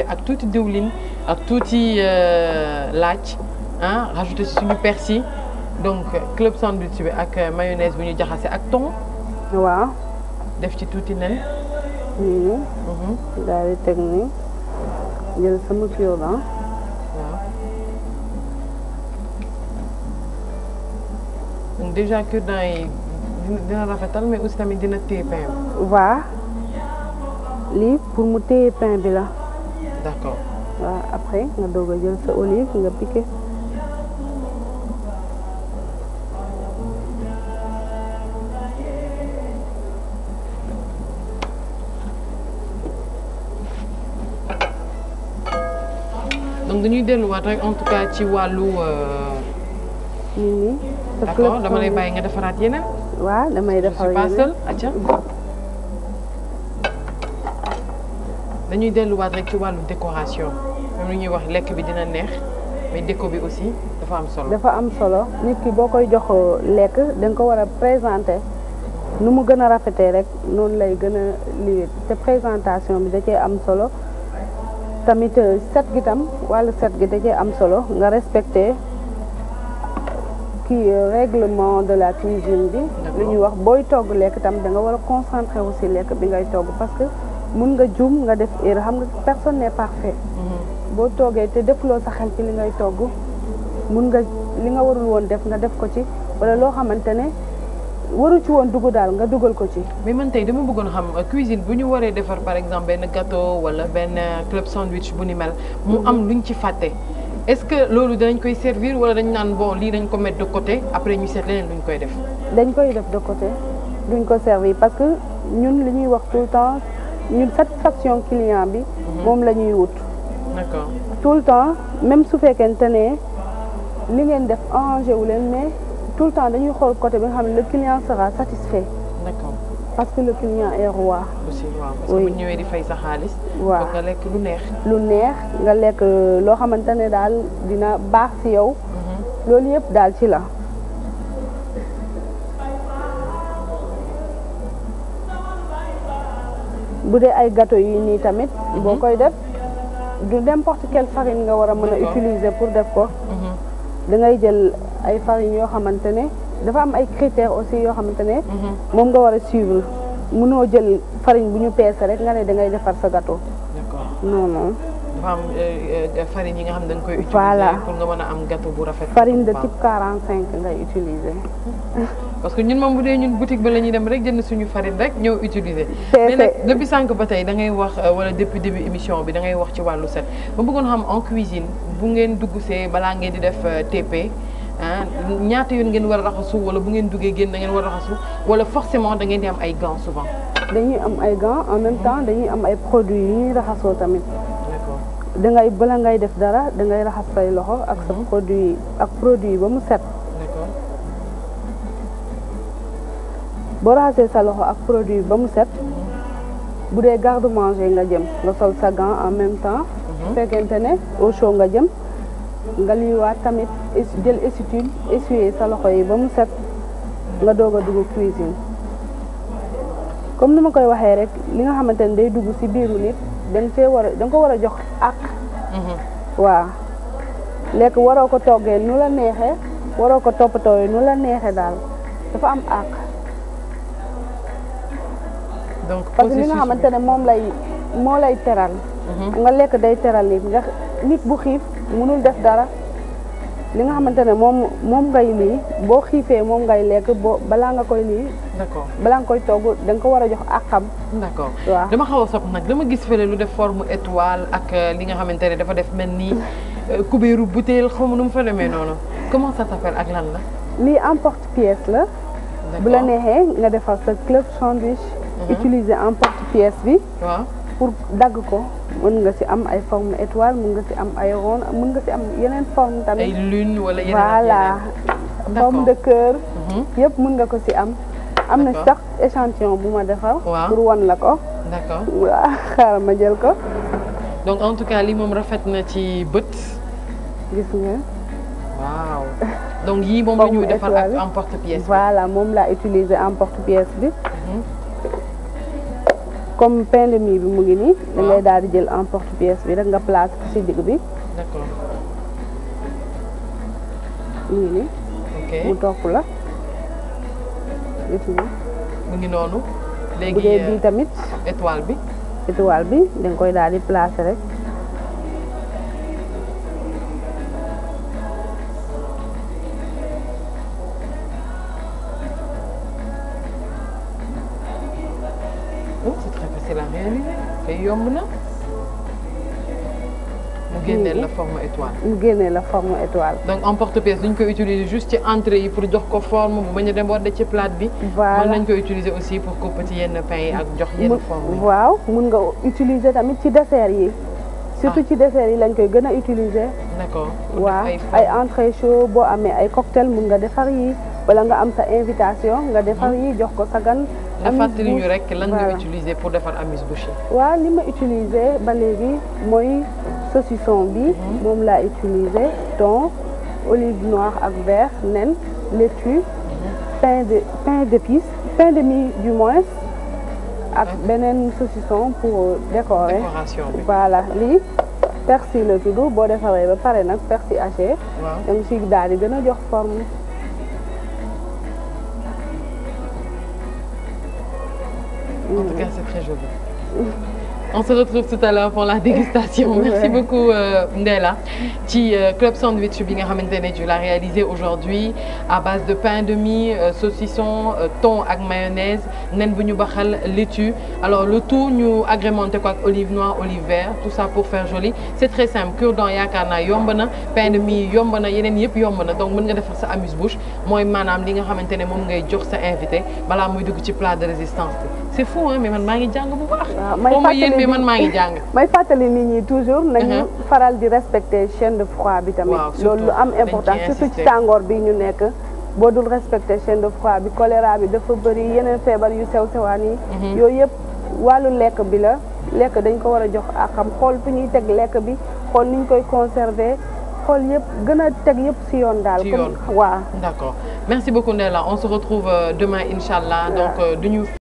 ak tuuti diwlin ak tuuti euh, laaj ah rajouté si suñu persil donc club sandwich ak euh, mayonnaise bu ñu jaxase ak thon. waaw. def ci tuuti nen. Mhm. daal di teg nii jël sama fiolan. waaw. déjà cure-dents yi dina rafetal mais aussi tamit dina téye pain bi. waa lii pour mu téye pain bi la. d'accord waaw après nga doog a jël sa olive nga piqué. donc dañuy delluwaat rek en tout cas ci wàllu. Euh, nit ñi. d'accord dama lay bàyyi nga defaraat yeneen. waa damay defar yeneen je suis dañuy delluwaat rek ci wàllu décoration même lu ñuy wax lekk bi dina neex mais déco bi aussi dafa am solo. dafa am solo nit ki boo koy jox euh, lekk da ko war a présenter nu mu gën a rafetee rek noonu lay gën a liggéey te présentation bi da cee am solo tamit euh, set gi tam wàllu set gi da cee am solo nga respecter kii euh, règlement de la cuisine bi. lu ñuy wax booy togg lekk tam danga war a concentrer aussi lekk bi ngay togg parce que. mun nga juum nga def erreur xam nga personne n'est parfait mm-hmm. boo toogee te defloo sa xel ci li ngay togg mun nga li nga warul woon def nga def ko ci wala loo xamante ne waru ci woon dugg daal nga dugal ko ci. mais man tey dama bëggoon xam euh, cuisine bu ñu waree defar par exemple benn gâteau wala benn euh, club sandwich bu ni mel. mu am lu mm-hmm. luñ ci fàtte. est-ce que loolu danañ koy servir wala dañ naan boo lii dañ ko mettre de côté après ñu seet leneen luñ koy def. dañ koy def de côté duñ ko servir que ñun li wax tout ñun satisfaction client bi. Mhm. moom la ñuy wut. d'accord tout le temps même su fekkente ne li ngeen def arrangé wu leen mais tout le temps dañuy xool côté bi nga xam ne le client sera satisfait. d'accord parce que le client est roi. aussi waaw parce que bu ñëwee di fay sa xaalis. waaw nga lekk lu neex. neex nga lekk euh, loo xamante ne daal dina baax ci yow. Mhm. loolu yëpp daal ci la. bu dee ay gâteau yi nii tamit mhm. boo koy def du n'importe quelle farine nga war a mën a utiliser pour def ko mhm. da ngay jël ay farine yoo xamante ne dafa am ay critères aussi yoo xamante ne mhm. moom nga war a suivre noo jël farine bu ñu peese rek nga ne da ngay defar sa gâteau non dafa am euh, euh, farine yi nga xam ne da nga koy utiliser. voilà pour nga mën a am gâteau bu rafet. farine de type 45 ngay utiliser. parce que ñun moom bu dee ñun boutique ba la ñuy dem rek jënd suñu farine rek ñëw utiliser. mais nag depuis sànq ba tey da ngay wax euh, wala depuis début émission bi da ngay wax ci wàllu set ba bëggoon xam en cuisine bu ngeen dugg see balaa ngeen di def TP. ah ñaata yoon ngeen war a raxasu wala bu ngeen duggee génn da ngeen war a raxasu wala forcément da ngeen di am ay gants souvent. dañuy am ay gants en même temps dañuy am ay produits yu ñuy raxasoo tamit. dangay bala ngay def dara dangay raxas say loxo ak sa produit ak produit ba mu set boo raxasee sa loxo ak produit ba mu set bu dee garde manger nga jëm nga sol sa gant en même temps mhm. fekkente ne au chaud nga jëm nga liiwaat tamit jël essuie-tout sa loxo yi ba mu set nga doog a dugg cuisine comme ni ma koy waxee rek li nga xamante ne day dugg si biiru nit dañ fee war a ko war a jox ak mhm. waaw lekk waroo ko toggee nu la neexee waroo ko toppatoo nu la neexee daal dafa am ak donc parce que li nga xamante ne moom lay moo lay teral mhm. nga lekk day teral yi nga nit bu xiif mënul def dara li nga xamante ne moom moom ngay lii boo xiifee moom ngay lekk boo balaa nga koy lii. d'accord balaa nga koy togg da ko war a jox ak xam. d'accord waaw dama xaw a sob nag dama gis fële lu def forme étoile ak euh, li nga xamante ne dafa def mel nii kubéeru euh, butéel xaw ma nu mu fa demee noonu comment ça s'appelle ak lan la. lii emporte-pièce la. bu la neexee nga defar sa club sandwich. Mhm. utiliser emporte-pièce bi. pour dagg ko mën nga ci am ay forme étoile mën nga ci am ay rond mën nga ci am yeneen forme tamit ay lune wala yeneen voilà forme de cœur mhm. yëpp mën nga ko ci am am na sax échantillon bu ma defar pour wan la ko d'accord waaw xaaral ma jël ko donc en tout cas lii moom rafet na ci bët gis nga waaw donc yii moom la ñu defar ak en porte-pièce voilà moom laa utiliser en porte-pièce bi mhm. comme pain de mie bi mu ngi nii. da ngay daal di jël emporte pièce bi rek nga place ko ci digg bi. d'accord mu ngi nii. ok mu topp la gis nga. mu ngi noonu. léegi bu dee bii tamit. étoile bi. étoile bi da nga koy daal di placer rek. kay yomb na. mu génneel la forme étoile. mu génneel la forme étoile. donc emporte-pièce duñ koy utiliser juste ci entrée yi pour jox ko forme bu bañ a déborde ci plate bi. voilà nañ koy utiliser aussi pour couper ci yenn pain yi ak jox yenn forme yi. waaw mun nga utiliser tamit ci dessert yi. surtout ah. ci dessert yi lañ koy gën a utiliser. waa waaw ay entrée chaud boo amee ay cocktail mun nga defar yi wala nga am sa invitation nga defar hmm. yi jox ko sagan fàttali ñu rek lan nga utiliser pour defar amis boucher. waaw li ma utiliser ba léegi mooy saucisson bi. Mhm. moom laa utiliser thon olive noire ak vert nen laitue. Mhm. pain de pain d'épices pain de mie du ak beneen saucisson pou euh, décorer. décoration bi voilà lii. persil la tudd boo defaree ba pare nag persil haché. waaw da nga si daal di gën a jox forme. En tout cas, c'est très joli. On se retrouve tout à l'heure pour la dégustation. Merci ouais. beaucoup euh, Ndella ci euh, club sandwich bi nga xamante ne tu l'as réalisé aujourd'hui à base de pain de mie euh, saucisson euh, ak mayonnaise nen bu ñu baxal laitue alors le tout ñu agrémenté ko ak olive noire olive vert tout ça pour faire joli c'est très simple cure-dent yaakaar naa yomb na pain de mie yomb na yeneen yëpp yomb na donc mën nga defar sa amuse-bouche mooy maanaam li nga xamante ne moom ngay jox sa invité balaa muy dugg ci plat de résistance bi c'est fou hein man maa ngi jàng bu baax. waaw ah, may fàttali yéen man maa ngi jàng. may fàttali nit ñi toujours. nañu uh-huh. faral di respecter chaîne de froid bi tamit. loolu lu am importance surtout ci tàngoor bi ñu nekk. boo dul respecter chaîne de froid bi choléra bi dafa bëri yeneen feebar yu sew sewaan yi. Uh-huh. yooyu yëpp wàllu lekk bi la. lekk dañ ko war a jox ak xam xool fi ñuy teg lekk bi xool ni ñu koy conserver xool yëpp gën a teg yëpp si yoon daal. comme waaw d'accord merci beaucoup Ndella on se retrouve euh, demain incha allah donc euh, duñu.